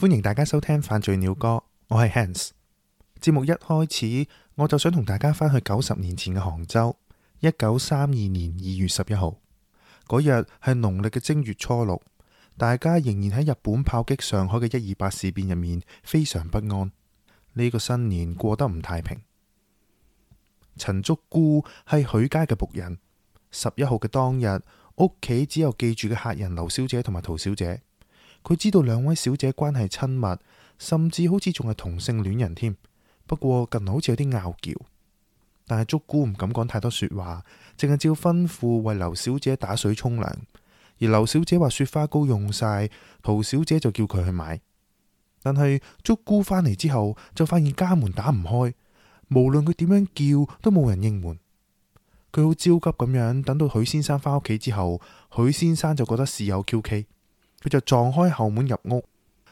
歡迎大家收聽《犯罪鳥歌》，我係 Hans。節目一開始我就想同大家返去九十年前嘅杭州，一九三二年二月十一號嗰日係農曆嘅正月初六，大家仍然喺日本炮擊上海嘅一二八事變入面非常不安。呢個新年過得唔太平。陳竹姑係許家嘅僕人，十一號嘅當日屋企只有寄住嘅客人劉小姐同埋陶小姐。佢知道兩位小姐關係親密，甚至好似仲係同性戀人添。不過近嚟好似有啲拗撬，但係竹姑唔敢講太多說話，淨係照吩咐為劉小姐打水沖涼。而劉小姐話雪花膏用晒，陶小姐就叫佢去買。但係竹姑返嚟之後就發現家門打唔開，無論佢點樣叫都冇人應門。佢好焦急咁樣等到許先生返屋企之後，許先生就覺得事有蹊蹺。佢就撞開後門入屋，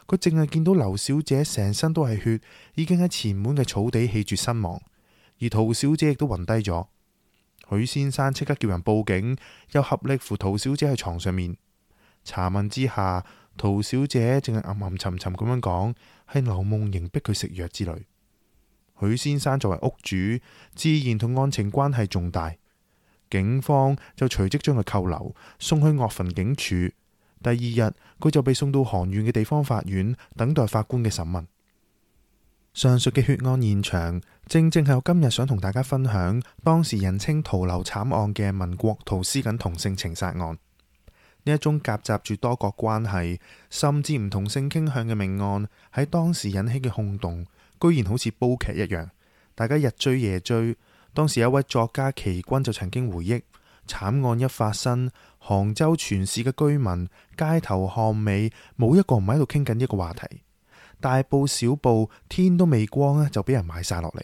佢淨係見到劉小姐成身都係血，已經喺前門嘅草地氣絕身亡，而陶小姐亦都暈低咗。許先生即刻叫人報警，又合力扶陶小姐喺床上面。查問之下，陶小姐淨係暗暗沉沉咁樣講，係劉夢瑩逼佢食藥之類。許先生作為屋主，自然同案情關係重大，警方就隨即將佢扣留，送去岳墳警署。第二日，佢就被送到杭縣嘅地方法院，等待法官嘅審問。上述嘅血案現場，正正係我今日想同大家分享當時人稱“屠樓慘案”嘅民國陶思瑾同性情殺案。呢一宗夾雜住多角關係，甚至唔同性傾向嘅命案，喺當時引起嘅轟動，居然好似煲劇一樣，大家日追夜追。當時有一位作家奇君就曾經回憶。慘案一發生，杭州全市嘅居民街頭巷尾冇一個唔喺度傾緊呢個話題。大步小步，天都未光啊，就俾人買晒落嚟。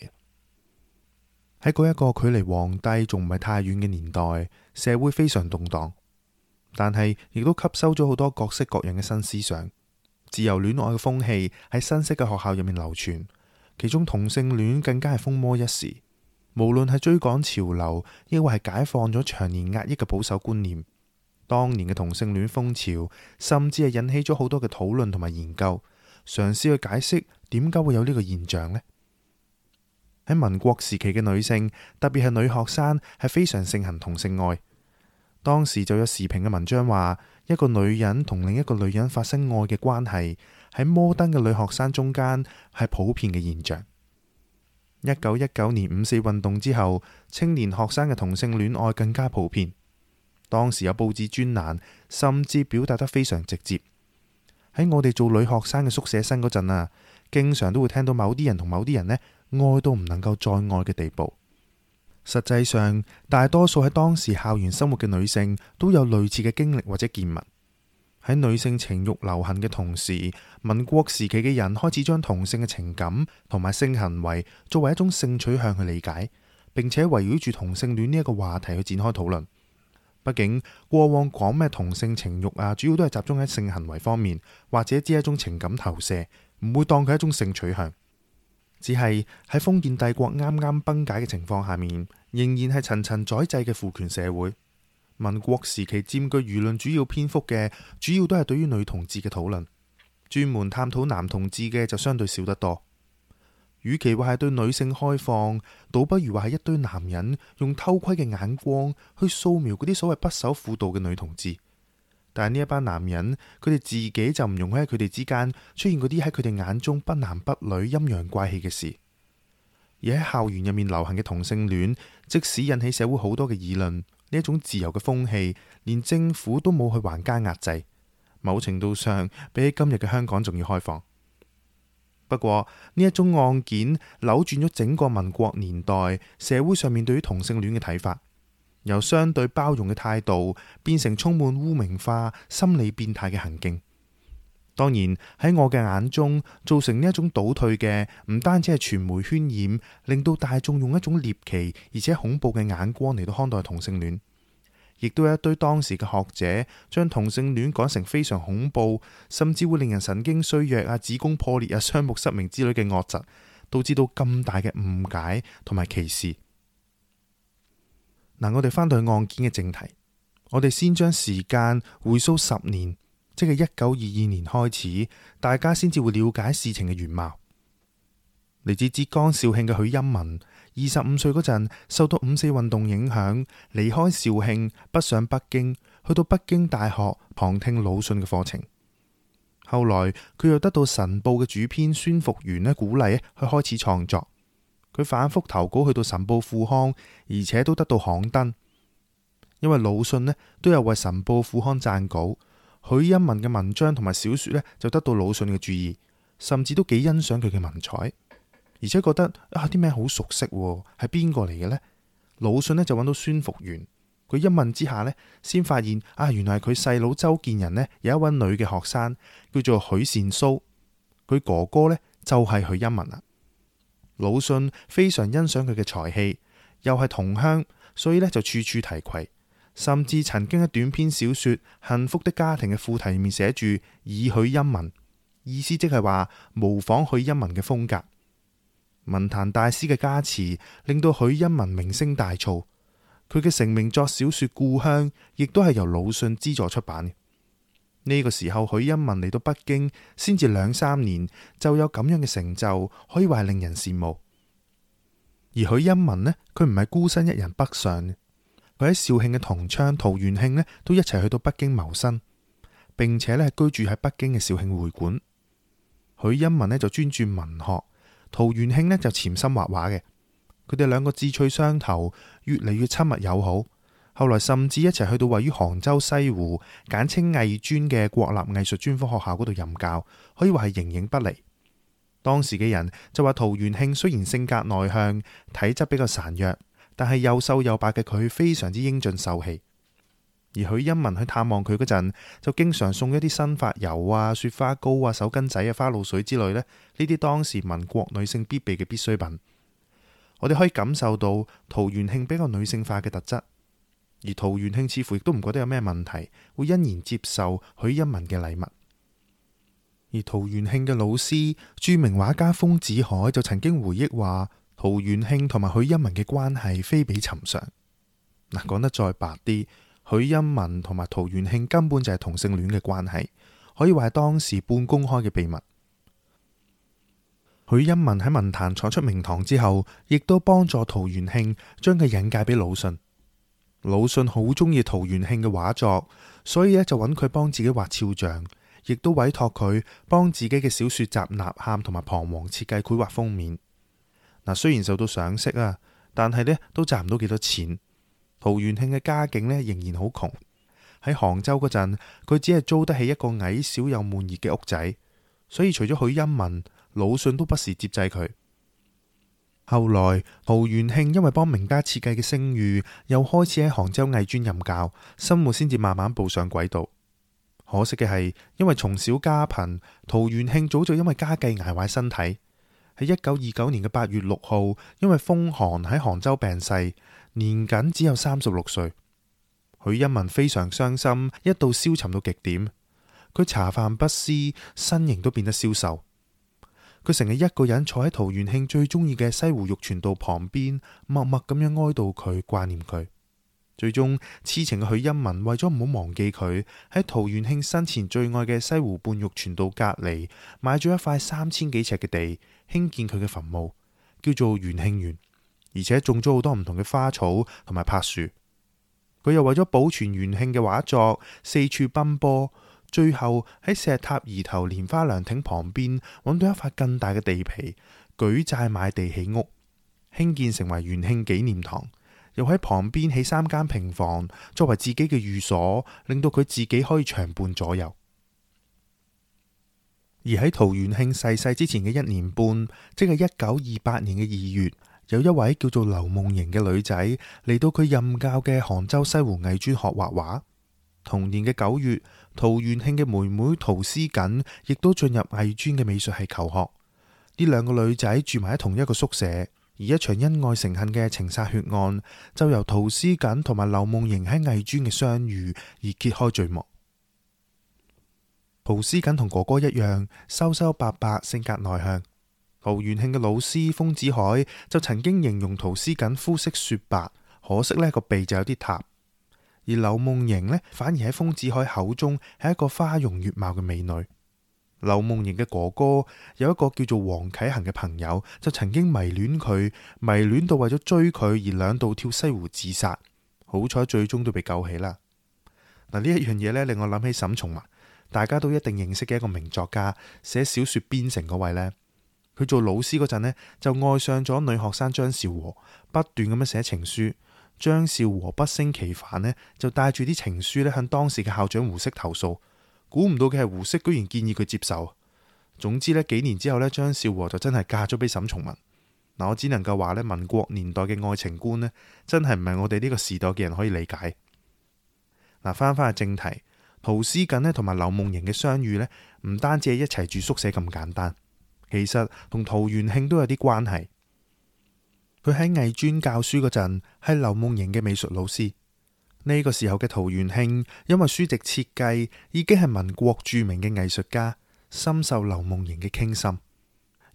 喺嗰一個距離皇帝仲唔係太遠嘅年代，社會非常動盪，但係亦都吸收咗好多各式各樣嘅新思想。自由戀愛嘅風氣喺新式嘅學校入面流傳，其中同性戀更加係風魔一時。無論係追趕潮流，抑或係解放咗長年壓抑嘅保守觀念，當年嘅同性戀風潮，甚至係引起咗好多嘅討論同埋研究，嘗試去解釋點解會有呢個現象呢。喺民國時期嘅女性，特別係女學生，係非常盛行同性愛。當時就有時評嘅文章話，一個女人同另一個女人發生愛嘅關係，喺摩登嘅女學生中間係普遍嘅現象。一九一九年五四運動之後，青年學生嘅同性戀愛更加普遍。當時有報紙專欄，甚至表達得非常直接。喺我哋做女學生嘅宿舍生嗰陣啊，經常都會聽到某啲人同某啲人呢愛到唔能夠再愛嘅地步。實際上，大多數喺當時校園生活嘅女性都有類似嘅經歷或者見聞。喺女性情欲流行嘅同時，民國時期嘅人開始將同性嘅情感同埋性行為作為一種性取向去理解，並且圍繞住同性戀呢一個話題去展開討論。畢竟過往講咩同性情欲啊，主要都係集中喺性行為方面，或者只係一種情感投射，唔會當佢一種性取向。只係喺封建帝國啱啱崩解嘅情況下面，仍然係層層宰制嘅父權社會。民國時期占據輿論主要篇幅嘅主要都係對於女同志嘅討論，專門探討男同志嘅就相對少得多。與其話係對女性開放，倒不如話係一堆男人用偷窺嘅眼光去掃描嗰啲所謂不守婦道嘅女同志。但係呢一班男人，佢哋自己就唔容許喺佢哋之間出現嗰啲喺佢哋眼中不男不女、陰陽怪氣嘅事。而喺校園入面流行嘅同性戀，即使引起社會好多嘅議論。呢一種自由嘅風氣，連政府都冇去還加壓制，某程度上比起今日嘅香港仲要開放。不過呢一宗案件，扭轉咗整個民國年代社會上面對於同性戀嘅睇法，由相對包容嘅態度變成充滿污名化、心理變態嘅行徑。當然喺我嘅眼中，造成呢一種倒退嘅唔單止係傳媒渲染，令到大眾用一種獵奇而且恐怖嘅眼光嚟到看待同性戀，亦都有一堆當時嘅學者將同性戀講成非常恐怖，甚至會令人神經衰弱啊、子宮破裂啊、雙目失明之類嘅惡疾，導致到咁大嘅誤解同埋歧視。嗱，我哋翻到去案件嘅正題，我哋先將時間回溯十年。即係一九二二年開始，大家先至會了解事情嘅原貌。嚟自浙江紹興嘅許欽文，二十五歲嗰陣受到五四運動影響，離開紹興，北上北京，去到北京大學旁聽魯迅嘅課程。後來佢又得到《晨報》嘅主編孫伏園咧鼓勵，去開始創作。佢反復投稿去到《晨報》副刊，而且都得到刊登，因為魯迅咧都有為《晨報》副刊撰稿。許欽文嘅文章同埋小說呢，就得到魯迅嘅注意，甚至都幾欣賞佢嘅文采，而且覺得啊啲名好熟悉，係邊個嚟嘅呢？魯迅呢，就揾到孫福元，佢一問之下呢，先發現啊，原來係佢細佬周建人呢，有一位女嘅學生叫做許羨蘇，佢哥哥呢，就係許欽文啦。魯迅非常欣賞佢嘅才氣，又係同鄉，所以呢，就處處提攜。甚至曾經喺短篇小說《幸福的家庭》嘅副題裏面寫住以許因文，意思即係話模仿許因文嘅風格。文壇大師嘅加持令到許因文名聲大噪，佢嘅成名作小說《故鄉》亦都係由魯迅資助出版嘅。呢個時候許因文嚟到北京先至兩三年，就有咁樣嘅成就，可以話係令人羨慕。而許因文呢，佢唔係孤身一人北上。佢喺紹興嘅同窗陶元慶呢都一齊去到北京謀生，並且呢居住喺北京嘅紹興會館。許欽文呢就專注文學，陶元慶呢就潛心畫畫嘅。佢哋兩個志趣相投，越嚟越親密友好。後來甚至一齊去到位於杭州西湖，簡稱藝專嘅國立藝術專科學校嗰度任教，可以話係形影不離。當時嘅人就話陶元慶雖然性格內向，體質比較孱弱。但係又瘦又白嘅佢非常之英俊秀氣，而許欽文去探望佢嗰陣，就經常送一啲新髮油啊、雪花膏啊、手巾仔啊、花露水之類咧，呢啲當時民國女性必備嘅必需品。我哋可以感受到陶元慶比較女性化嘅特質，而陶元慶似乎亦都唔覺得有咩問題，會欣然接受許欽文嘅禮物。而陶元慶嘅老師著名畫家豐子愷就曾經回憶話。陶元慶同埋許欽文嘅關係非比尋常。嗱，講得再白啲，許欽文同埋陶元慶根本就係同性戀嘅關係，可以話係當時半公開嘅秘密。許欽文喺文壇闖出名堂之後，亦都幫助陶元慶將佢引介俾魯迅。魯迅好中意陶元慶嘅畫作，所以咧就揾佢幫自己畫肖像，亦都委託佢幫自己嘅小說集《吶喊》同埋《彷徨》設計繪畫封面。嗱，雖然受到賞識啊，但係呢都賺唔到幾多錢。陶元慶嘅家境呢仍然好窮。喺杭州嗰陣，佢只係租得起一個矮小又悶熱嘅屋仔，所以除咗許欽文、魯迅都不時接濟佢。後來陶元慶因為幫名家設計嘅聲譽，又開始喺杭州藝專任教，生活先至慢慢步上軌道。可惜嘅係，因為從小家貧，陶元慶早就因為家計挨壞身體。喺一九二九年嘅八月六號，因為風寒喺杭州病逝，年僅只有三十六歲。許一文非常傷心，一度消沉到極點，佢茶飯不思，身形都變得消瘦。佢成日一個人坐喺陶元慶最中意嘅西湖玉泉道旁邊，默默咁樣哀悼佢，掛念佢。最終癡情嘅許欽文為咗唔好忘記佢，喺陶元慶生前最愛嘅西湖半玉泉道隔籬買咗一塊三千幾尺嘅地，興建佢嘅墳墓，叫做元慶園，而且種咗好多唔同嘅花草同埋柏樹。佢又為咗保存元慶嘅畫作，四處奔波，最後喺石塔兒頭蓮花涼亭旁邊搵到一塊更大嘅地皮，舉債買地起屋，興建成為元慶紀念堂。又喺旁邊起三間平房作為自己嘅寓所，令到佢自己可以長伴左右。而喺陶元慶逝世之前嘅一年半，即係一九二八年嘅二月，有一位叫做劉夢瑩嘅女仔嚟到佢任教嘅杭州西湖藝專學畫畫。同年嘅九月，陶元慶嘅妹妹陶思瑾亦都進入藝專嘅美術系求學。呢兩個女仔住埋喺同一個宿舍。而一場恩愛成恨嘅情殺血案，就由陶思瑾同埋劉夢瑩喺藝專嘅相遇而揭開序幕。陶思瑾同哥哥一樣，收收白白，性格內向。陶元慶嘅老師豐子愷就曾經形容陶思瑾膚色雪白，可惜呢個鼻就有啲塌。而劉夢瑩呢，反而喺豐子愷口中係一個花容月貌嘅美女。劉夢瑩嘅哥哥有一個叫做黃啟恆嘅朋友，就曾經迷戀佢，迷戀到為咗追佢而兩度跳西湖自殺，好彩最終都被救起啦。嗱，呢一樣嘢呢，令我諗起沈從文，大家都一定認識嘅一個名作家，寫小說邊城嗰位呢。佢做老師嗰陣呢，就愛上咗女學生張兆和，不斷咁樣寫情書，張兆和不勝其煩呢，就帶住啲情書呢，向當時嘅校長胡適投訴。估唔到嘅係胡適，居然建議佢接受。總之呢幾年之後呢，張兆和就真係嫁咗俾沈從文。嗱，我只能夠話呢，民國年代嘅愛情觀呢，真係唔係我哋呢個時代嘅人可以理解。嗱，翻翻去正題，陶思瑾呢同埋劉夢瑩嘅相遇呢，唔單止係一齊住宿舍咁簡單，其實同陶元慶都有啲關係。佢喺藝專教書嗰陣，係劉夢瑩嘅美術老師。呢個時候嘅陶元慶，因為書籍設計已經係民國著名嘅藝術家，深受劉夢瑩嘅傾心。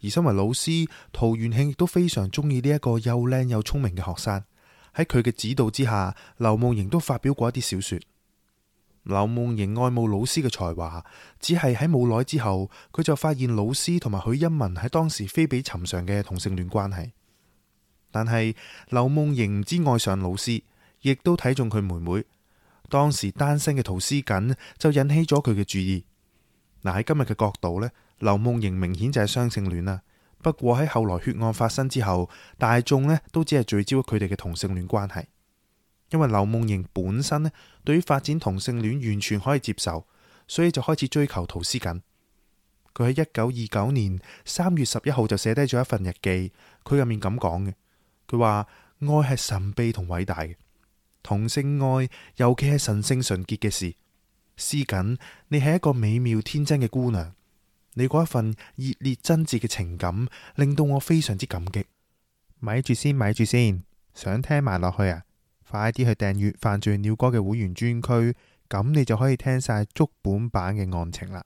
而身為老師，陶元慶亦都非常中意呢一個又靚又聰明嘅學生。喺佢嘅指導之下，劉夢瑩都發表過一啲小說。劉夢瑩愛慕老師嘅才華，只係喺冇耐之後，佢就發現老師同埋許欽文喺當時非比尋常嘅同性戀關係但，但係劉夢瑩唔只愛上老師。亦都睇中佢妹妹當時單身嘅陶思瑾，就引起咗佢嘅注意。嗱，喺今日嘅角度呢，劉夢瑩明顯就係雙性戀啦。不過喺後來血案發生之後，大眾呢都只係聚焦佢哋嘅同性戀關係，因為劉夢瑩本身呢對於發展同性戀完全可以接受，所以就開始追求陶思瑾。佢喺一九二九年三月十一號就寫低咗一份日記，佢入面咁講嘅，佢話愛係神秘同偉大嘅。同性愛，尤其係神聖純潔嘅事。思瑾，你係一個美妙天真嘅姑娘，你嗰一份熱烈真摯嘅情感，令到我非常之感激。咪住先，咪住先，想聽埋落去啊！快啲去訂閱犯罪鳥歌嘅會員專區，咁你就可以聽晒足本版嘅案情啦。